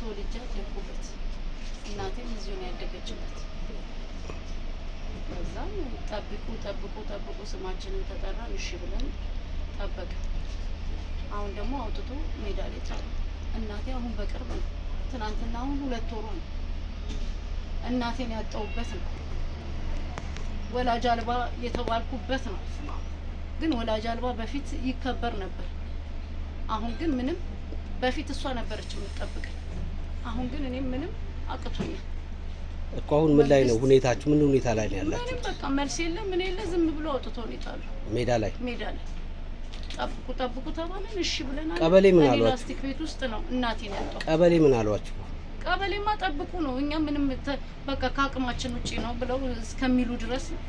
ተወልጄ ያደኩበት እናቴም እዚሁ ነው ያደገችበት። በዛም ጠብቁ ጠብቁ ጠብቁ ስማችንን ተጠራን። እሺ ብለን ጠበቀ። አሁን ደግሞ አውጥቶ ሜዳ ላይ ጣሉ። እናቴ አሁን በቅርብ ነው፣ ትናንትና አሁን ሁለት ወሯ ነው እናቴን ያጣሁበት ነው። ወላጅ አልባ የተባልኩበት ነው። ግን ወላጅ አልባ በፊት ይከበር ነበር። አሁን ግን ምንም በፊት እሷ ነበረች የምትጠብቀኝ። አሁን ግን እኔ ምንም አቅቶኛል እኮ አሁን ምን ላይ ነው ሁኔታችሁ? ምን ሁኔታ ላይ ነው ያላችሁ? ምንም በቃ መልስ የለ ምን የለ ዝም ብሎ አውጥቶ ነው ሁኔታሉ ሜዳ ላይ ሜዳ ላይ ጠብቁ ጠብቁ ተባለን። እሺ ብለናል። ቀበሌ ምን አሏችሁ? ላስቲክ ቤት ውስጥ ነው እናቴ ነው ያጣው። ቀበሌ ምን አሏችሁ? ቀበሌማ ጠብቁ ነው። እኛ ምንም በቃ ከአቅማችን ውጪ ነው ብለው እስከሚሉ ድረስ ነው።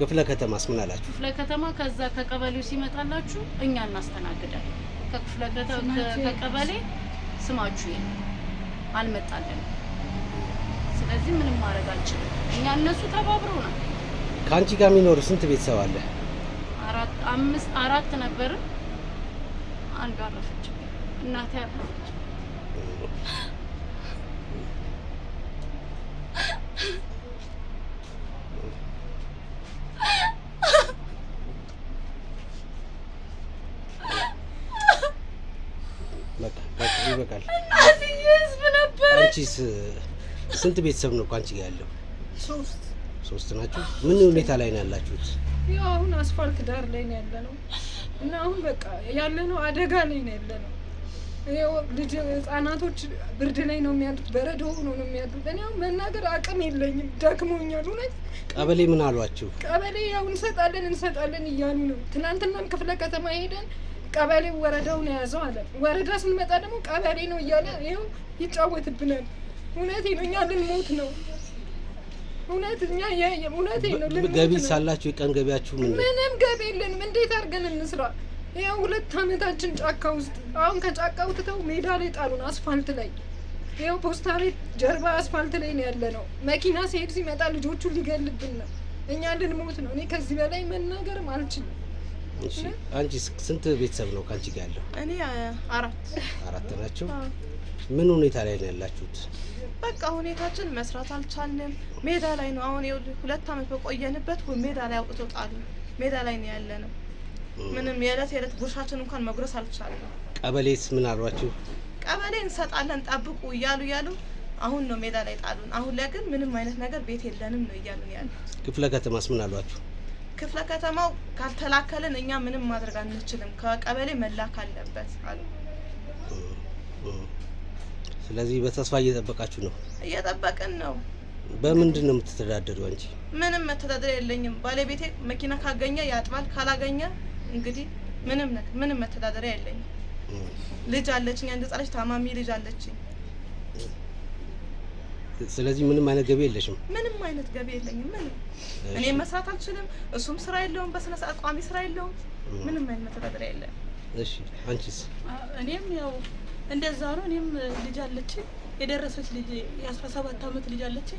ክፍለ ከተማስ ምን አላችሁ? ክፍለ ከተማ ከዛ ከቀበሌው ሲመጣላችሁ እኛ እናስተናግዳለን። ከክፍለ ከተማ ከቀበሌ ስማችሁ ይሄ አልመጣለን ስለዚህ ምንም ማድረግ አልችልም። እኛ እነሱ ተባብሮ ነው። ከአንቺ ጋር የሚኖር ስንት ቤተሰብ አለ? አምስት አራት ነበር። አንዱ አረፈች፣ እናቴ አረፈች። ይበቃል። አንቺስ ስንት ቤተሰብ ነው ቋንጭ ያለው? ሶስት ሶስት ናችሁ። ምን ሁኔታ ላይ ነው ያላችሁት? ያው አሁን አስፋልት ዳር ላይ ነው ያለነው እና አሁን በቃ ያለነው አደጋ ላይ ነው ያለነው። ልጅ ህጻናቶች ብርድ ላይ ነው የሚያሉት፣ በረዶ ሆኖ ነው የሚያሉት። እኔ አሁን መናገር አቅም የለኝም፣ ደክሞኛል። እውነት ቀበሌ ምን አሏችሁ? ቀበሌ ያው እንሰጣለን እንሰጣለን እያሉ ነው። ትናንትናም ክፍለ ከተማ ሄደን ቀበሌ ነው የያዘው አለ። ወረዳ ስንመጣ ደግሞ ቀበሌ ነው እያለ ይኸው ይጫወትብናል። እውነቴ ነው። እኛ ልንሞት ነው። እውነት እኛ እውነቴ ነው። ገቢ ሳላችሁ የቀን ገቢያችሁ ምንም ገቢ የለንም። እንዴት አድርገን እንስራ? ይኸው ሁለት አመታችን ጫካ ውስጥ አሁን ከጫካ ውጥተው ሜዳ ላይ ጣሉን፣ አስፋልት ላይ ይኸው ፖስታ ቤት ጀርባ አስፋልት ላይ ነው ያለ ነው። መኪና ሲሄድ ሲመጣ ልጆቹ ሊገልብን ነው። እኛ ልንሞት ነው። እኔ ከዚህ በላይ መናገርም አልችልም። እሺ አንቺ ስንት ቤተሰብ ነው ካንቺ ጋር ያለው? እኔ አራት አራት ናቸው። ምን ሁኔታ ላይ ነው ያላችሁት? በቃ ሁኔታችን መስራት አልቻልንም። ሜዳ ላይ ነው አሁን ሁለት አመት በቆየንበት ሜዳ ላይ አውጥቶ ጣሉ። ሜዳ ላይ ነው ያለ ነው። ምንም የዕለት የዕለት ጉርሻችን እንኳን መጉረስ አልቻልንም። ቀበሌስ ምን አሏችሁ? ቀበሌ እንሰጣለን ጠብቁ እያሉ እያሉ አሁን ነው ሜዳ ላይ ጣሉን። አሁን ላይ ግን ምንም አይነት ነገር ቤት የለንም ነው እያሉን ያሉ። ክፍለ ከተማስ ምን አሏችሁ? ክፍለ ከተማው ካልተላከልን እኛ ምንም ማድረግ አንችልም፣ ከቀበሌ መላክ አለበት አሉ። ስለዚህ በተስፋ እየጠበቃችሁ ነው? እየጠበቅን ነው። በምንድን ነው የምትተዳደሩ? አንቺ? ምንም መተዳደሪያ የለኝም። ባለቤቴ መኪና ካገኘ ያጥባል፣ ካላገኘ እንግዲህ ምንም ምንም መተዳደሪያ የለኝም። ልጅ አለችኝ፣ አንድ ጻለች ታማሚ ልጅ አለችኝ። ስለዚህ ምንም አይነት ገቢ የለሽም? ምንም አይነት ገቢ የለኝም። ምንም እኔ መስራት አልችልም፣ እሱም ስራ የለውም፣ በስነ ስርዓት ቋሚ ስራ የለውም። ምንም አይነት መተዳደሪያ የለም። እሺ አንቺስ? እኔም ያው እንደዛ ነው። እኔም ልጅ አለች፣ የደረሰች ልጅ የአስራ ሰባት አመት ልጅ አለች።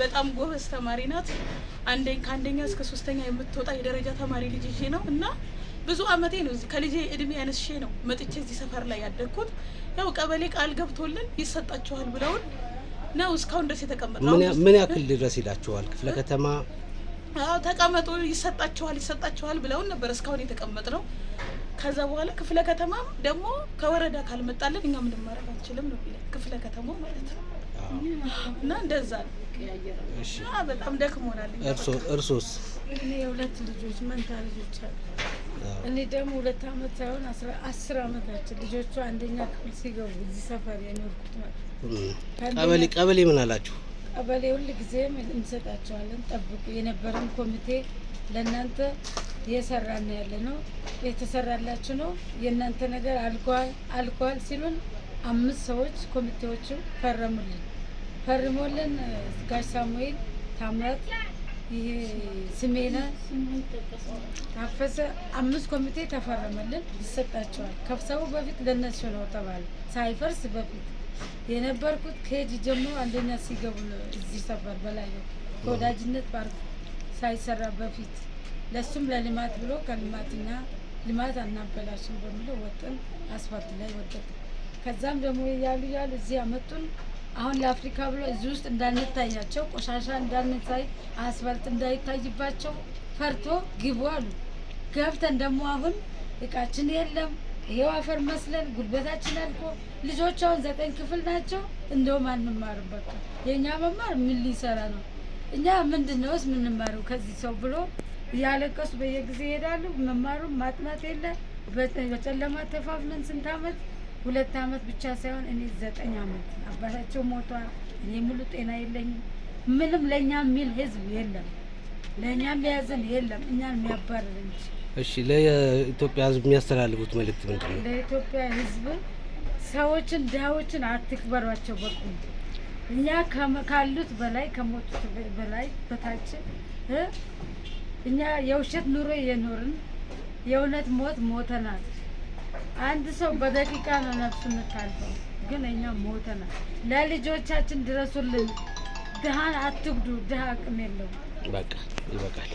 በጣም ጎበዝ ተማሪ ናት። አንደኝ ከአንደኛ እስከ ሶስተኛ የምትወጣ የደረጃ ተማሪ ልጅ ይዤ ነው እና ብዙ አመቴ ነው እዚህ ከልጄ እድሜ ያነስሼ ነው መጥቼ እዚህ ሰፈር ላይ ያደግኩት። ያው ቀበሌ ቃል ገብቶልን ይሰጣችኋል ብለውን ነው እስካሁን ድረስ የተቀመጠው። ምን ያክል ድረስ ሄዳችኋል? ክፍለ ከተማ ተቀመጡ ይሰጣችኋል ይሰጣችኋል ብለውን ነበር እስካሁን የተቀመጥ ነው። ከዛ በኋላ ክፍለ ከተማ ደግሞ ከወረዳ ካልመጣለን እኛ ምንም ማድረግ አንችልም ነው ክፍለ ከተማ ማለት ነው። እና እንደዛ ነው። በጣም ደክሞናል። እርሶስ? እኔ ሁለት ልጆች መንታ ልጆች አሉ እኔ ደግሞ ሁለት አመት ሳይሆን አስር አመታችን ልጆቹ አንደኛ ክፍል ሲገቡ እዚህ ሰፈር የሚወርቁት ማለት ቀበሌ ቀበሌ ምን አላችሁ? ቀበሌ ሁል ጊዜም እንሰጣቸዋለን። ጠብቁ የነበረን ኮሚቴ ለእናንተ እየሰራን ያለ ነው። የተሰራላችሁ ነው። የእናንተ ነገር አልኳል ሲሉን አምስት ሰዎች ኮሚቴዎቹ ፈረሙልን። ፈርሞልን ጋሽ ሳሙኤል ታምራት ይሄ ስሜነ ታፈሰ አምስት ኮሚቴ ተፈረመልን፣ ይሰጣቸዋል። ከሰው በፊት ለነሱ ነው ተባለ። ሳይፈርስ በፊት የነበርኩት ከሄድ ጀምሮ አንደኛ ሲገቡ እዚህ ሰፈር በላይ ከወዳጅነት ፓርክ ሳይሰራ በፊት ለሱም ለልማት ብሎ ከልማትና ልማት አናበላሽም በሚለው ወጥን፣ አስፋልት ላይ ወጥን። ከዛም ደግሞ ያሉ ያሉ እዚህ አመጡን። አሁን ለአፍሪካ ብሎ እዚህ ውስጥ እንዳንታያቸው ቆሻሻ እንዳንታይ አስፋልት እንዳይታይባቸው ፈርቶ ግቡ አሉ። ገብተን ደግሞ አሁን እቃችን የለም ይሄው አፈር መስለን ጉልበታችን አልቆ ልጆች አሁን ዘጠኝ ክፍል ናቸው። እንደውም አንማርበት የእኛ መማር ምን ሊሰራ ነው? እኛ ምንድን ነውስ የምንማረው ከዚህ ሰው ብሎ እያለቀሱ በየጊዜ ይሄዳሉ። መማሩም ማጥናት የለ በጨለማ ተፋፍነን ስንት አመት ሁለት አመት ብቻ ሳይሆን እኔ ዘጠኝ አመት አባታቸው ሞቷል። እኔ ሙሉ ጤና የለኝም። ምንም ለእኛ የሚል ህዝብ የለም፣ ለእኛ የሚያዘን የለም፣ እኛን የሚያባርር እንጂ። እሺ፣ ለኢትዮጵያ ህዝብ የሚያስተላልፉት መልእክት ምንድን ነው? ለኢትዮጵያ ህዝብ ሰዎችን ድሃዎችን አትክበሯቸው። በቁ እኛ ካሉት በላይ ከሞቱት በላይ በታችን እኛ የውሸት ኑሮ የኖርን የእውነት ሞት ሞተናል። አንድ ሰው በደቂቃ ነው ነፍሱ የምታልፈው፣ ግን እኛ ሞተናል። ለልጆቻችን ድረሱልን። ድሃን አትጉዱ። ድሃ አቅም የለውም። በቃ ይበቃል።